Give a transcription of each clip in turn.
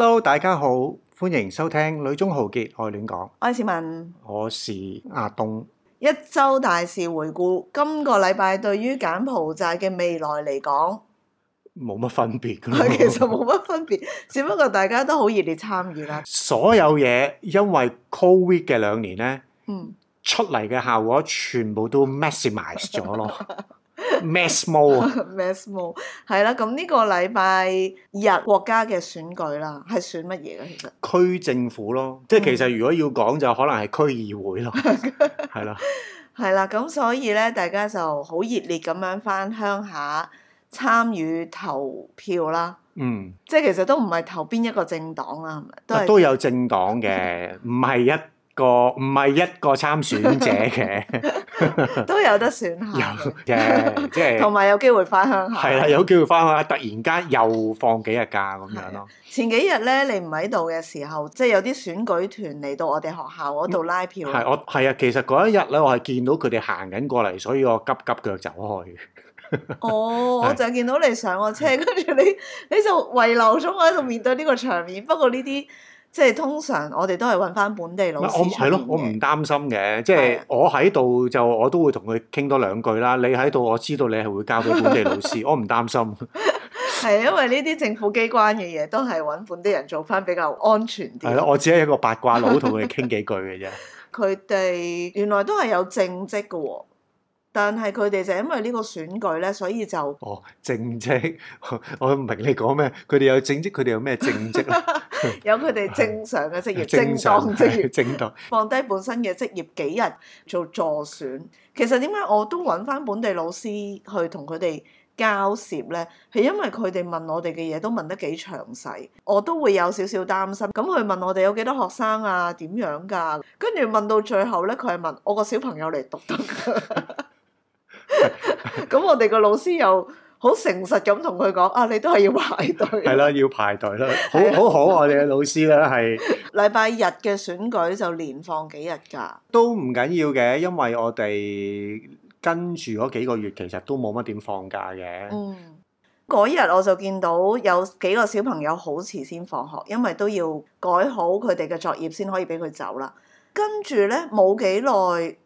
hello，大家好，歡迎收聽《女中豪傑愛戀講》。我係市民，我是，我是阿東。一周大事回顧，今個禮拜對於柬埔寨嘅未來嚟講，冇乜分別噶咯。 其實冇乜分別，只不過大家都好熱烈參與啦。 所有嘢因為 Covid 嘅兩年呢，嗯，出嚟嘅效果全部都 maximize 咗咯。 Mass more，mass more，係啦。 咁呢個禮拜日國家嘅選舉啦，係選乜嘢咧？其實區政府咯，即係其實如果要講就可能係區議會咯，係啦，係啦。咁所以咧，大家就好熱烈咁樣返鄉下參與投票啦。嗯，即係其實都唔係投邊一個政黨啊，係咪都有政黨嘅，唔係 一。個唔係一個參選者嘅， 都有得選下有嘅，即係同埋有機會翻鄉下。係啦， 有機會翻鄉下，突然間又放幾日假咁樣咯。前幾日咧，你唔喺度嘅時候，即係有啲選舉團嚟到我哋學校嗰度拉票。係我，係啊，其實嗰一日咧，我係見到佢哋行緊過嚟，所以我急急腳走開。 哦，我就見到你上個車，跟住的你，你就遺留咗我喺度面對呢個場面。不過呢啲。即係通常我哋都係揾翻本地老師出邊嘅。係咯，我唔擔心嘅。即係我喺度就我都會同佢傾多兩句啦。你喺度我知道你係會交畀本地老師， 我唔擔心。係 因為呢啲政府機關嘅嘢都係揾本地人做翻比較安全啲。係咯，我只係一個八卦佬同佢哋傾幾句嘅啫。佢哋原來都係有正職嘅喎。但係佢哋就因為呢個選舉咧，所以就哦正職，我唔明你講咩？佢哋有正職，佢哋有咩正職？有佢哋正常嘅職業，正當職業，正當放低本身嘅職業，幾日做助選？其實點解我都搵返本地老師去同佢哋交涉咧？係因為佢哋問我哋嘅嘢都問得幾詳細，我都會有少少擔心。咁佢問我哋有幾多學生啊？點樣㗎？跟住問到最後咧，佢係問我個小朋友嚟讀得。咁 我哋個老師又好誠實咁同佢講啊，你都係要排隊。係啦 要排隊啦，好好可愛嘅老師啦，係。禮拜日嘅選舉就連放幾日假。都唔緊要嘅，因為我哋跟住嗰幾個月其實都冇乜點放假嘅。嗯，嗰日我就見到有幾個小朋友好遲先放學，因為都要改好佢哋嘅作業先可以俾佢走啦。跟住咧冇幾耐，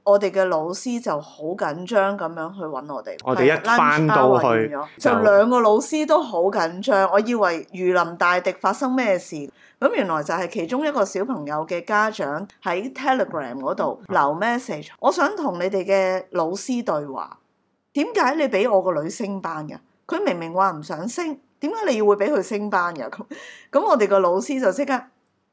我哋嘅老師就好緊張咁樣去揾我哋。我哋一翻到去是，到就兩個老師都好緊張。我以為如臨大敵，發生咩事，咁原來就係其中一個小朋友嘅家長喺 Telegram 嗰度留 message，啊、我想同你哋嘅老師對話。點解你俾我個女升班㗎？佢明明話唔想升，點解你要會俾佢升班㗎？咁咁，我哋個老師就即刻，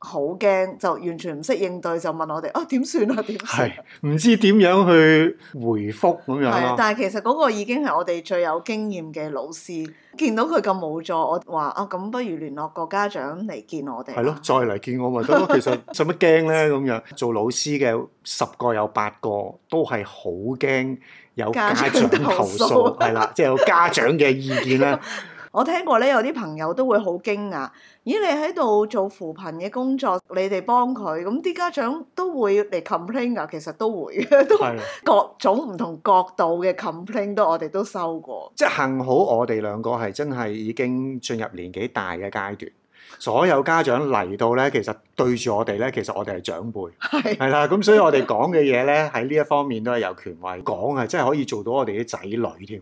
好驚就完全唔識應對，就問我哋哦，點算啊點算？係唔知點樣去回覆咁樣咯、啊。但係其實嗰個已經係我哋最有經驗嘅老師，見到佢咁冇助，我話啊咁不如聯絡個家長嚟見我哋。係咯，再嚟見我咪得咯。其實做乜驚咧咁樣？做老師嘅十個有八個都係好驚有家長投訴，係啦，即係、 就是、有家長嘅意見啦。 我聽過咧，有啲朋友都會好驚訝！咦，你喺度做扶貧嘅工作，你哋幫佢，咁啲家長都會嚟 complain 噶。其實都會嘅，都各種唔同角度嘅 complain 都我哋都收過。的即係幸好我哋兩個係真係已經進入年紀大嘅階段，所有家長嚟到咧，其實對住我哋咧，其實我哋係長輩，係啦的。咁的所以我哋講嘅嘢咧，喺呢 一方面都係有權威講，係真係可以做到我哋啲仔女添。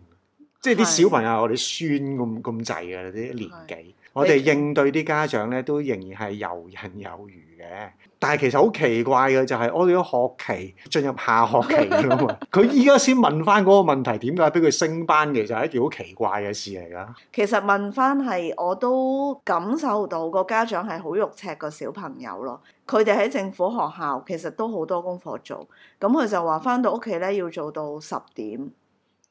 即係啲小朋友，的我哋孫咁咁滯嘅啲年紀，的我哋應對啲家長咧，都仍然係游刃有餘嘅。但係其實好奇怪嘅就係，我哋一學期進入下學期啦嘛，佢依家先問翻嗰個問題，點解俾佢升班，其實係一件好奇怪嘅事嚟噶。其實問翻係，我都感受到個家長係好肉赤個小朋友咯。佢哋喺政府學校，其實都好多功課做，咁佢就話翻到屋企咧，要做到十點。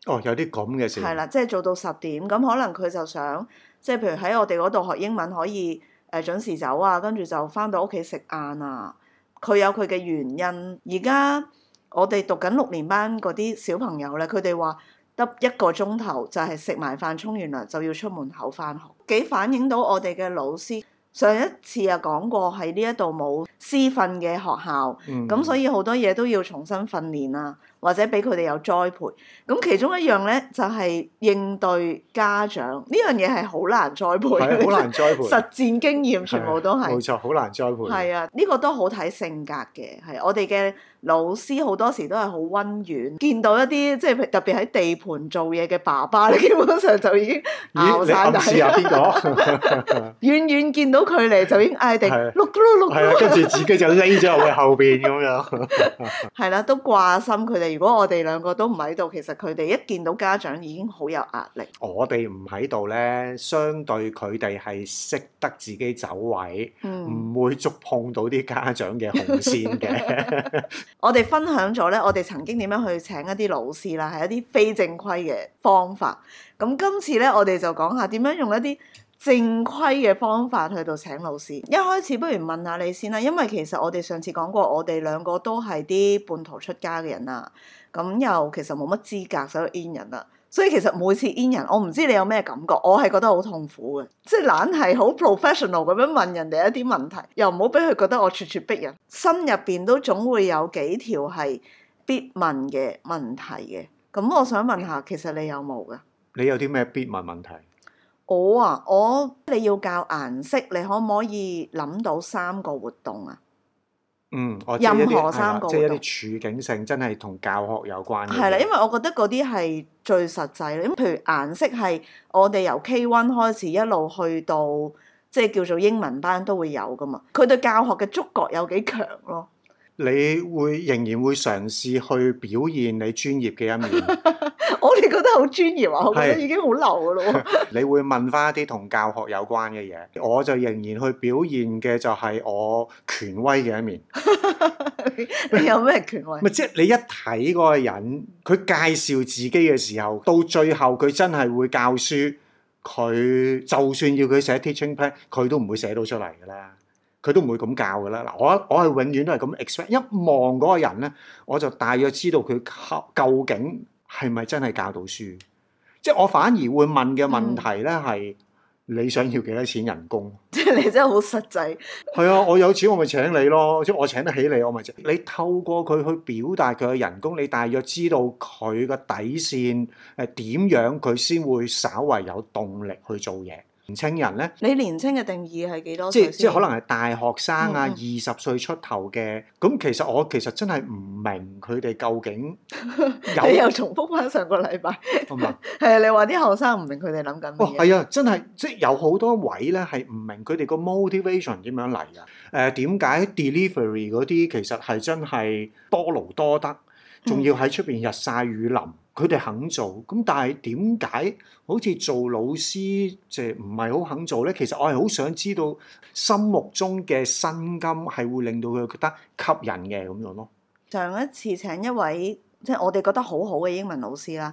哦，有啲咁嘅事係啦，即係做到十點，咁可能佢就想，即係譬如喺我哋嗰度學英文可以誒準時走啊，跟住就翻到屋企食晏啊。佢有佢嘅原因。而家我哋讀緊六年班嗰啲小朋友咧，佢哋話得一個鐘頭就係食埋飯、沖完涼就要出門口翻學，幾反映到我哋嘅老師上一次又講過喺呢一度冇師訓嘅學校，咁、嗯、所以好多嘢都要重新訓練啊。或者俾佢哋有栽培，咁其中一樣呢，就係、係、應對家長呢樣嘢係好難栽培，好難栽培，實戰經驗全部都係冇、啊、錯，好難栽培。係啊，呢、呢個都好睇性格嘅，係、啊、我哋嘅。老師好多時都係好溫軟，見到一啲即係特別喺地盤做嘢嘅爸爸咧， 基本上就已經鬧曬底咦。你暗示下邊個？ 遠遠見到佢哋，就已經嗌停，碌碌碌，跟住 自己就匿咗喺後邊咁樣。係 啦，都掛心佢哋。如果我哋兩個都唔喺度，其實佢哋一見到家長已經好有壓力。我哋唔喺度咧，相對佢哋係識得自己走位，唔、嗯、會觸碰到啲家長嘅紅線嘅。 我哋分享咗咧，我哋曾經點樣去請一啲老師啦，係一啲非正規嘅方法。咁今次咧，我哋就講下點樣用一啲正規嘅方法去到請老師。一開始不如問下你先啦，因為其實我哋上次講過，我哋兩個都係啲半途出家嘅人啦，咁又其實冇乜資格走去 in 人啦。所以其實每次 in 人，我唔知你有咩感覺，我係覺得好痛苦嘅，即係懶係好 professional 咁樣問人哋一啲問題，又唔好俾佢覺得我咄咄逼人，心入邊都總會有幾條係必問嘅問題嘅。咁我想問下，其實你有冇噶？你有啲咩必問問題？我啊，我你要教顏色，你可唔可以諗到三個活動啊？嗯，任何三個，即係一啲處境性，真係同教學有關係。係啦，因為我覺得嗰啲係最實際嘅，咁譬如顏色係我哋由 K1 開始一路去到即係叫做英文班都會有㗎嘛。佢對教學嘅觸覺有幾強咯。你會仍然會嘗試去表現你專業嘅一面。 我哋覺得好專業啊！我覺得已經好流嘅咯。是 你會問翻一啲同教學有關嘅嘢，我就仍然去表現嘅就係我權威嘅一面。 你有咩權威？咪即係你一睇嗰個人，佢介紹自己嘅時候，到最後佢真係會教書，佢就算要佢寫 teaching plan，佢都唔會寫到出嚟嘅啦。佢都唔會咁教㗎啦。嗱，我我係永遠都係咁 expect。一望嗰個人咧，我就大約知道佢究竟係咪真係教到書。即係我反而會問嘅問題咧係：嗯、你想要幾多錢人工？即係你真係好實際。係啊，我有錢我咪請你咯。即係我請得起你，我咪請。你透過佢去表達佢嘅人工，你大約知道佢嘅底線係點樣，佢先會稍為有動力去做嘢。年青人咧，你年青嘅定義係幾多歲先？即即可能係大學生啊，二十、嗯、歲出頭嘅。咁其實我其實真係唔明佢哋究竟有。你 又重複翻上個禮拜？唔係、嗯。啊， 你話啲學生唔明佢哋諗緊嘢。係啊、哦，真係即有好多位咧係唔明佢哋個 motivation 點樣嚟啊？誒、呃，點解 delivery 嗰啲其實係真係多勞多得，仲要喺出邊日曬雨淋。嗯佢哋肯做，咁但係點解好似做老師就唔係好肯做呢？其實我係好想知道心目中嘅薪金係會令到佢覺得吸引嘅咁樣咯。上一次請一位即係、就是、我哋覺得好好嘅英文老師啦，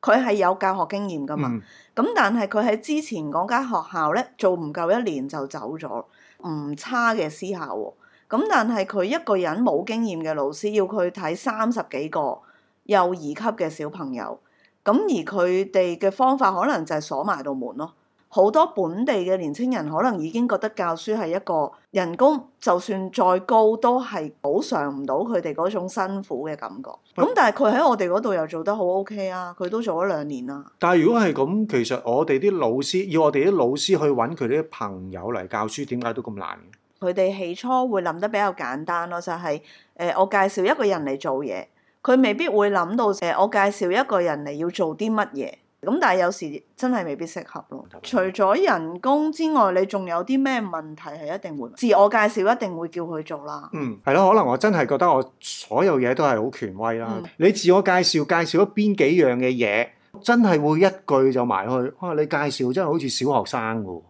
佢係有教學經驗㗎嘛。咁、嗯、但係佢喺之前嗰間學校呢，做唔夠一年就走咗，唔差嘅私校喎。咁但係佢一個人冇經驗嘅老師，要佢睇三十幾個。幼兒級嘅小朋友，咁而佢哋嘅方法可能就係鎖埋道門咯。好多本地嘅年青人可能已經覺得教書係一個人工，就算再高都係補償唔到佢哋嗰種辛苦嘅感覺。咁但係佢喺我哋嗰度又做得好 OK 啊！佢都做咗兩年啦。但係如果係咁，其實我哋啲老師要我哋啲老師去揾佢啲朋友嚟教書，點解都咁難？佢哋起初會諗得比較簡單咯，就係，誒我介紹一個人嚟做嘢。佢未必會諗到誒，我介紹一個人嚟要做啲乜嘢，咁但係有時真係未必適合咯。除咗人工之外，你仲有啲咩問題係一定會自我介紹，一定會叫佢做啦。嗯，係咯，可能我真係覺得我所有嘢都係好權威啦。嗯，你自我介紹介紹咗邊幾樣嘅嘢，真係會一句就埋去。哇，啊，你介紹真係好似小學生㗎。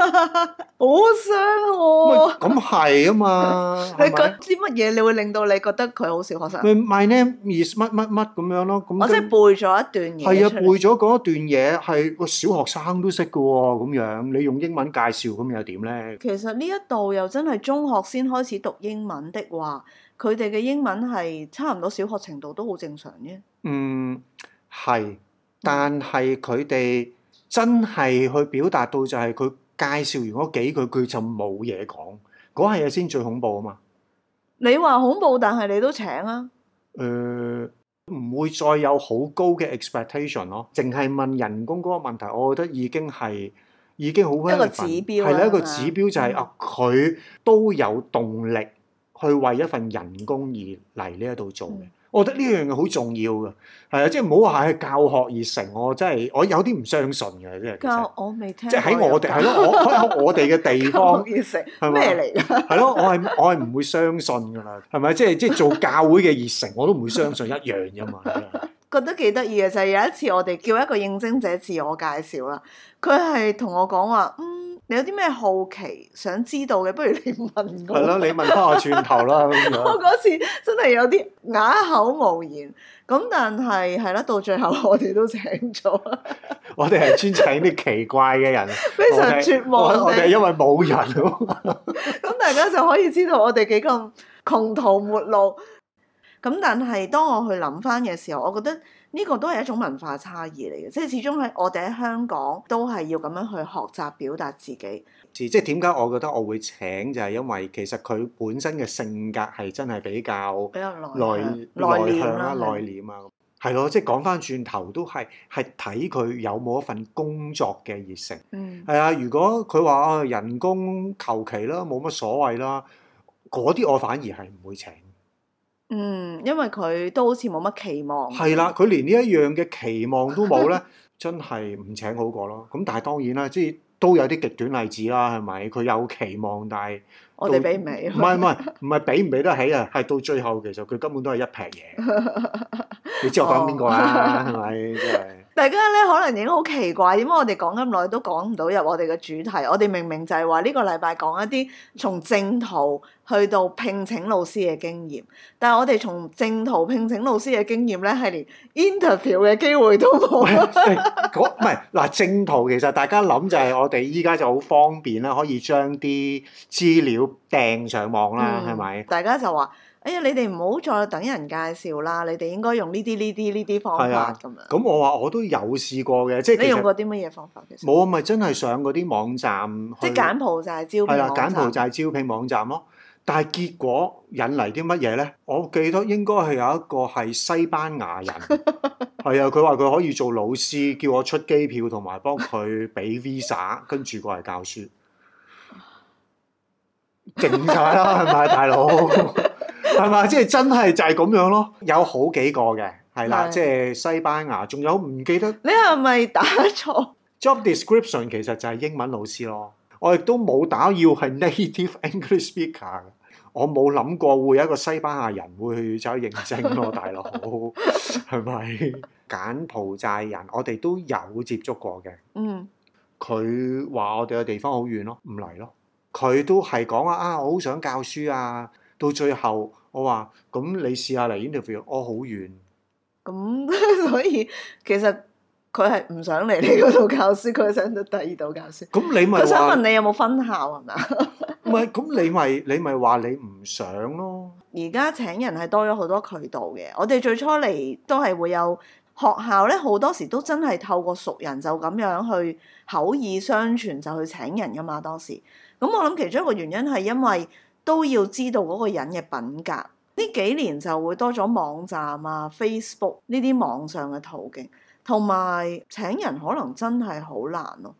好傷喎！咁係啊嘛，你講啲乜嘢？你會令到你覺得佢好小學生？My name is 乜乜乜咁樣咯。咁我即係背咗一段嘢。係啊，背咗嗰一段嘢係個小學生都識㗎喎，咁樣你用英文介紹咁又點咧？其實呢一度又真係中學先開始讀英文的話，佢哋嘅英文係差唔多小學程度都好正常嘅。嗯，係，但係佢哋真係去表達到就係佢。介紹完嗰幾句，佢就冇嘢講，嗰下嘢先最恐怖啊嘛！你話恐怖，但係你都請啊。誒，唔會再有好高嘅 expectation 咯。淨係問人工嗰個問題，我覺得已經係已經好一個指標，係啦一個指標就係啊，佢都有動力去為一份人工而嚟呢一度做嘅。我覺得呢樣嘢好重要嘅，係啊，即係唔好話係教學熱誠，我真係我有啲唔相信嘅，即係。教我未聽？即喺我哋係咯，我我哋嘅地方熱誠係咩嚟？係咯的，我係我係唔會相信㗎啦，係咪？即係即係做教會嘅熱誠，我都唔會相信一樣嘅嘛。 的 覺得幾得意嘅就係、是、有一次我哋叫一個應徵者自我介紹啦，佢係同我講話嗯。你有啲咩好奇想知道嘅？不如你問我。係咯，你問翻我轉頭啦咁樣。我嗰次真係有啲啞口無言，咁但係係啦，到最後我哋都請咗。 我哋係專請啲奇怪嘅人， 非常絕望我。 我哋係因為冇人咯。咁 大家就可以知道我哋幾咁窮途末路。咁但係當我去諗翻嘅時候，我覺得。呢個都係一種文化差異嚟嘅，即係始終喺我哋喺香港都係要咁樣去學習表達自己。即係點解我覺得我會請就係、係、因為其實佢本身嘅性格係真係比較內比較內向啦，內斂啊。係咯、啊，係啊、係啊即係講翻轉頭都係係睇佢有冇一份工作嘅熱誠。嗯，係啊，如果佢話、啊、人工求其啦，冇乜所謂啦，嗰啲我反而係唔會請。嗯，因為佢都好似冇乜期望。係啦、 嗯，佢連呢一樣嘅期望都冇咧，真係唔請好過咯。咁但係當然啦，即係都有啲極端例子啦，係咪？佢有期望，但係我哋俾唔起。唔係唔係唔係，俾唔俾得起啊？係到最後，其實佢根本都係一劈嘢。 你知道我講邊個啊？係咪？ 真係。大家咧可能已經好奇怪，點解我哋講咁耐都講唔到入我哋嘅主題？我哋明明就係話呢個禮拜講一啲從正途去到聘請老師嘅經驗，但係我哋從正途聘請老師嘅經驗咧，係連 interview 嘅機會都冇。唔係嗱，正途其實大家諗就係我哋依家就好方便啦，可以將啲資料掟上網啦，係咪、嗯？是是大家就話。哎呀！你哋唔好再等人介紹啦，你哋應該用呢啲呢啲呢啲方法咁樣。咁、啊、我話我都有試過嘅，即係你用過啲乜嘢方法？其實冇，咪真係上嗰啲網站。即係柬埔寨招聘網站。係啦，柬埔寨招聘網站咯。但係結果引嚟啲乜嘢咧？我記得應該係有一個係西班牙人，係 啊，佢話佢可以做老師，叫我出機票同埋幫佢俾 visa， 跟住過嚟教書。勁曬啦，係咪大佬？ 係嘛？即係真係就係咁樣咯，有好幾個嘅，係啦，即係西班牙，仲有唔記得。你係咪打錯？Job description 其實就係英文老師咯，我亦都冇打要係 native English speaker。我冇諗過會有一個西班牙人會去走去認證咯，大佬，係咪？柬埔寨人我哋都有接觸過嘅。嗯，佢話我哋嘅地方好遠咯，唔嚟咯。佢都係講啊，啊，我好想教書啊，到最後。我話：咁你試下嚟 Interview，我好遠。咁所以其實佢係唔想嚟你嗰度教書，佢想去第二度教書。咁你咪？我想問你有冇分校係咪啊？唔 係，咁你咪你咪話你唔想咯。而家請人係多咗好多渠道嘅，我哋最初嚟都係會有學校咧，好多時都真係透過熟人就咁樣去口耳相傳就去請人噶嘛。當時咁我諗其中一個原因係因為。都要知道個人嘅品格。呢幾年就會多咗網站啊、啊 Facebook 呢啲網上嘅途徑，同埋請人可能真係好難咯、啊。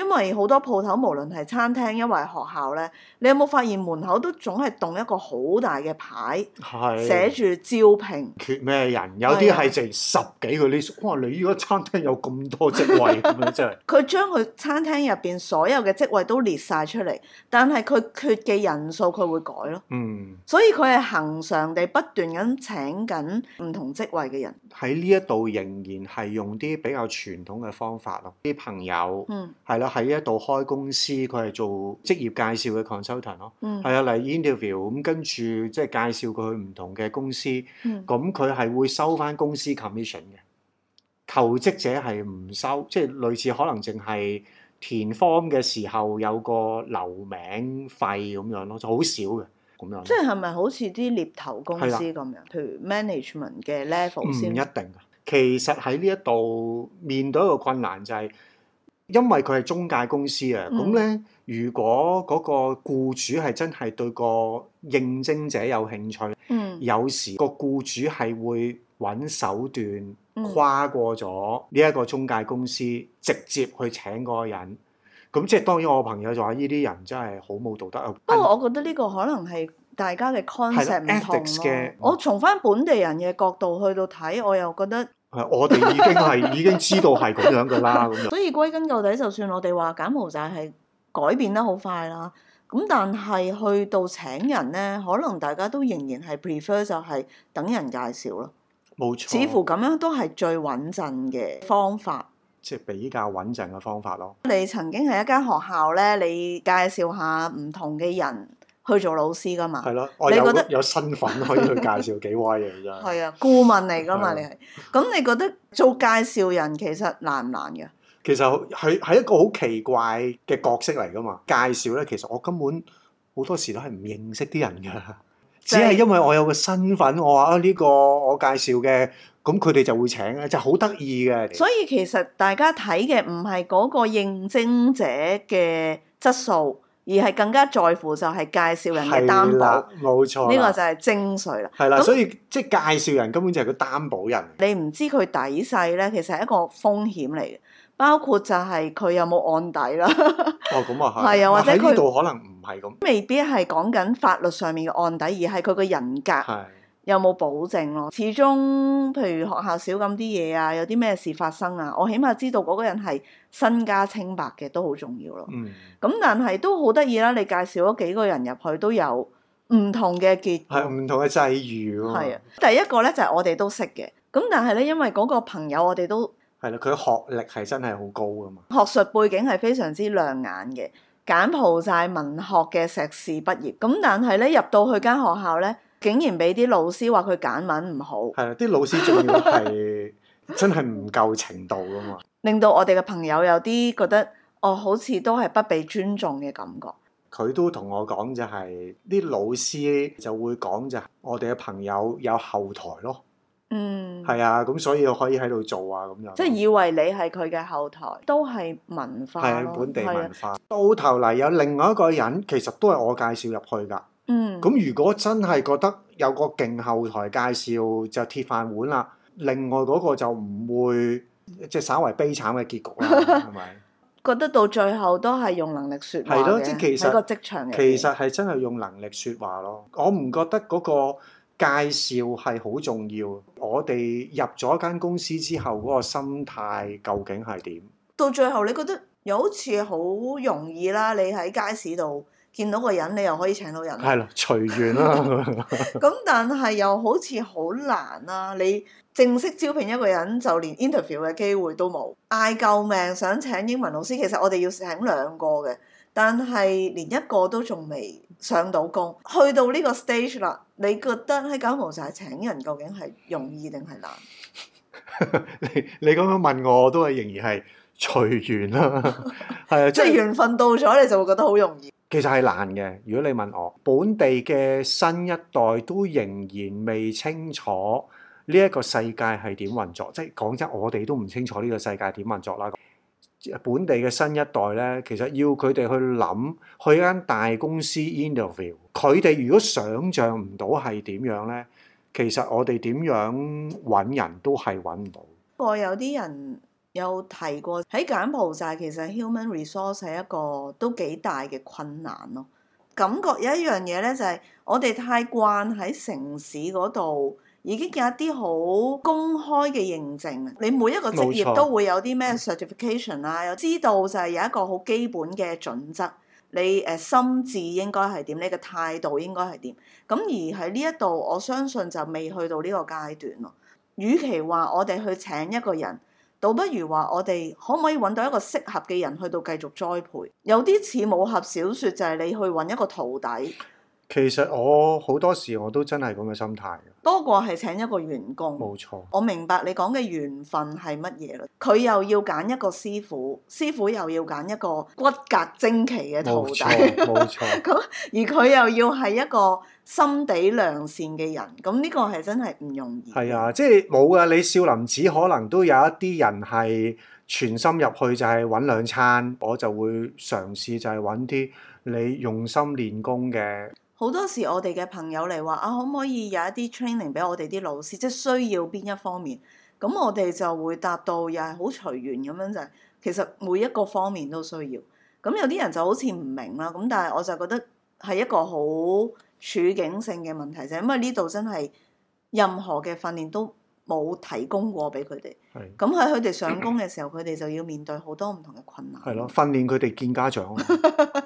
因為好多鋪頭，無論係餐廳，因為學校咧，你有冇發現門口都總係棟一個好大嘅牌，的寫住招聘。缺咩人？有啲係剩十幾個。你的哇！你依個餐廳有咁多職位，咁樣真係。佢將佢餐廳入邊所有嘅職位都列晒出嚟，但係佢缺嘅人數佢會改咯。嗯。所以佢係恒常地不斷咁請緊唔同職位嘅人。喺呢一度仍然係用啲比較傳統嘅方法咯，啲朋友，嗯，係啦。喺呢一度開公司，佢係做職業介紹嘅 consultant 咯。嗯。係啊，例如 interview 咁，跟住即係介紹佢唔同嘅公司。嗯。咁佢係會收返公司 commission 嘅，求職者係唔收，即係類似可能淨係填 form 嘅時候有個留名費咁樣咯，就好少嘅咁樣。即係係咪好似啲獵頭公司咁樣？譬如 management 嘅 level 先。唔一定㗎，其實喺呢一度面對一個困難就係。因為佢係中介公司啊，咁咧，如果嗰個僱主係真係對個應徵者有興趣，有時個僱主係會揾手段跨過咗呢一個中介公司，直接去請嗰個人。咁即係當然，我朋友就話：呢啲人真係好冇道德。不過我覺得呢個可能係大家嘅 concept 唔同啦。我從返本地人嘅角度去到睇，我又覺得。係，我哋已經係已經知道係咁樣噶啦，咁樣。所以歸根究底，就算我哋話柬埔寨就係改變得好快啦，咁但係去到請人呢，可能大家都仍然係 prefer 就係等人介紹咯。冇錯，似乎咁樣都係最穩陣嘅方法，即係比較穩陣嘅方法咯。你曾經係一間學校呢，你介紹下唔同嘅人。去做老師噶嘛？係咯的，你覺得有，有身份可以去介紹幾位嘅。 真係係啊，顧問嚟噶嘛？的你咁，你覺得做介紹人其實難唔難嘅？其實係係一個好奇怪嘅角色嚟噶嘛？介紹咧，其實我根本好多時都係唔認識啲人噶，就是、只係因為我有個身份，我話啊呢個我介紹嘅，咁佢哋就會請咧，就好得意嘅。所以其實大家睇嘅唔係嗰個應徵者嘅質素。而係更加在乎就係介紹人嘅擔保，冇錯。呢個就係精髓啦。係啦的，那所以即係介紹人根本就係個擔保人。你唔知佢底細咧，其實係一個風險嚟嘅，包括就係佢有冇案底啦。 哦，咁啊係。係啊， 或者佢度他可能唔係咁。未必係講緊法律上面嘅案底，而係佢個人格。係。有冇保證咯？始終，譬如學校少咁啲嘢啊，有啲咩事發生啊，我起碼知道嗰個人係身家清白嘅，都好重要咯。嗯。咁、嗯、但係都好得意啦！你介紹咗幾個人入去都有唔同嘅結，係唔同嘅際遇喎。係啊，第一個咧就係、是、我哋都識嘅。咁、嗯、但係咧，因為嗰個朋友我哋都係啦，佢學歷係真係好高㗎嘛，學術背景係非常之亮眼嘅，柬埔寨文學嘅碩士畢業。咁、嗯、但係咧入到去間學校咧。竟然俾啲老師話佢揀文唔好，係啊！啲老師仲要係 真係唔夠程度噶嘛，令到我哋嘅朋友有啲覺得我、哦、好似都係不被尊重嘅感覺。佢都同我講就係、是、啲老師就會講就係我哋嘅朋友有後台咯，嗯，係啊，咁所以我可以喺度做啊咁樣，即係以為你係佢嘅後台都係文化，係本地文化，的到頭嚟有另外一個人其實都係我介紹入去噶。嗯，咁如果真係覺得有個勁後台介紹就鐵飯碗啦，另外嗰個就唔會即係、就是、稍為悲慘嘅結局啦，係咪 ？覺得到最後都係用能力説話咯，即係其實 個職場，其實係真係用能力説話咯。我唔覺得嗰個介紹係好重要。我哋入咗間公司之後嗰、那個心態究竟係點？到最後你覺得又好似好容易啦，你喺街市度。見到個人，你又可以請到人。係咯，隨緣咯。咁但係又好似好難啦、啊！你正式招聘一個人，就連 interview 嘅機會都冇。嗌救命，想請英文老師，其實我哋要請兩個嘅，但係連一個都仲未上到工。去到呢個 stage 啦，你覺得喺金邊就係請人，究竟係容易定係難？ 你你咁樣問我，都係仍然係隨緣啦。係啊，即係緣分到咗，你就會覺得好容易。其實係難嘅。如果你問我，本地嘅新一代都仍然未清楚呢一個世界係點運作，即係講真，我哋都唔清楚呢個世界點運作啦。本地嘅新一代咧，其實要佢哋去諗，去一間大公司 interview，佢哋如果想像唔到係點樣咧，其實我哋點樣揾人都係揾唔到。我有啲人。有提過喺柬埔寨，其實 human resource 係一個都幾大嘅困難咯。感覺有一樣嘢咧，就係我哋太慣喺城市嗰度已經有一啲好公開嘅認證。你每一個職業都會有啲咩 certification 啊，冇錯，知道就係有一個好基本嘅準則。你誒心智應該係點？你嘅態度應該係點？咁而喺呢一度，我相信就未去到呢個階段咯。與其話我哋去請一個人。倒不如話，我哋可唔可以揾到一個適合嘅人去到繼續栽培？有啲似武俠小説，就係你去揾一個徒弟。其實我好多時我都真係咁嘅心態，多過係請一個員工。冇錯錯，我明白你講嘅緣分係乜嘢啦。佢又要揀一個師傅，師傅又要揀一個骨格精奇嘅徒弟。冇錯，冇錯，咁 而佢又要係一個心地良善嘅人。咁呢個係真係唔容易。係啊，即係冇啊。你少林寺可能都有一啲人係全心入去，就係揾兩餐。我就會嘗試就係揾啲你用心練功嘅。好多時我哋嘅朋友嚟話啊，可唔可以有一啲 training 俾我哋啲老師？即係需要邊一方面？咁我哋就會答到，又係好隨緣咁樣就係。其實每一個方面都需要。咁有啲人就好似唔明啦。咁但係我就覺得係一個好處境性嘅問題啫，就係、因為呢度真係任何嘅訓練都冇提供過俾佢哋。係的。咁喺佢哋上工嘅時候，佢哋 就要面對好多唔同嘅困難。係咯，訓練佢哋見家長。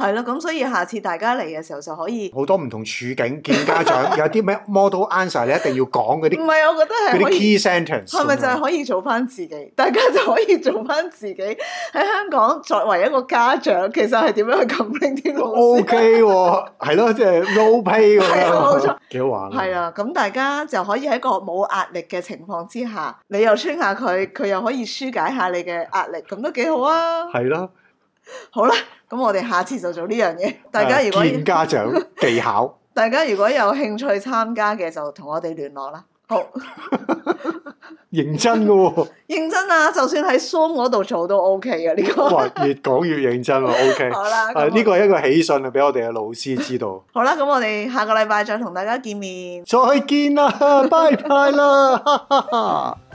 係咯，咁所以下次大家嚟嘅時候就可以好多唔同處境見家長，有啲咩 model answer 你一定要講嗰啲。唔係， 我覺得係嗰啲 key sentence。係咪就係可以做翻自己？ 大家就可以做翻自己。喺香港作為一個家長，其實係點樣去撳拎啲老師 OK 喎，係咯、okay，啊，即係 low pay 喎，幾、 啊、 好玩。係啊，咁大家就可以喺一個冇壓力嘅情況之下，你又 chill 下佢，佢又可以舒解下你嘅壓力，咁都幾好啊。係咯了，好啦。咁我哋下次就做呢樣嘢，大家如果見家長技巧， 大家如果有興趣參加嘅，就同我哋聯絡啦。好， 認真嘅喎、啊，認真啊！就算喺 Zoom 度做都 OK 嘅呢個，越講越認真喎，OK。 好啦，誒呢個係一個喜訊啊，俾我哋嘅老師知道。 好啦，咁我哋下個禮拜再同大家見面。 再見啦，拜拜啦。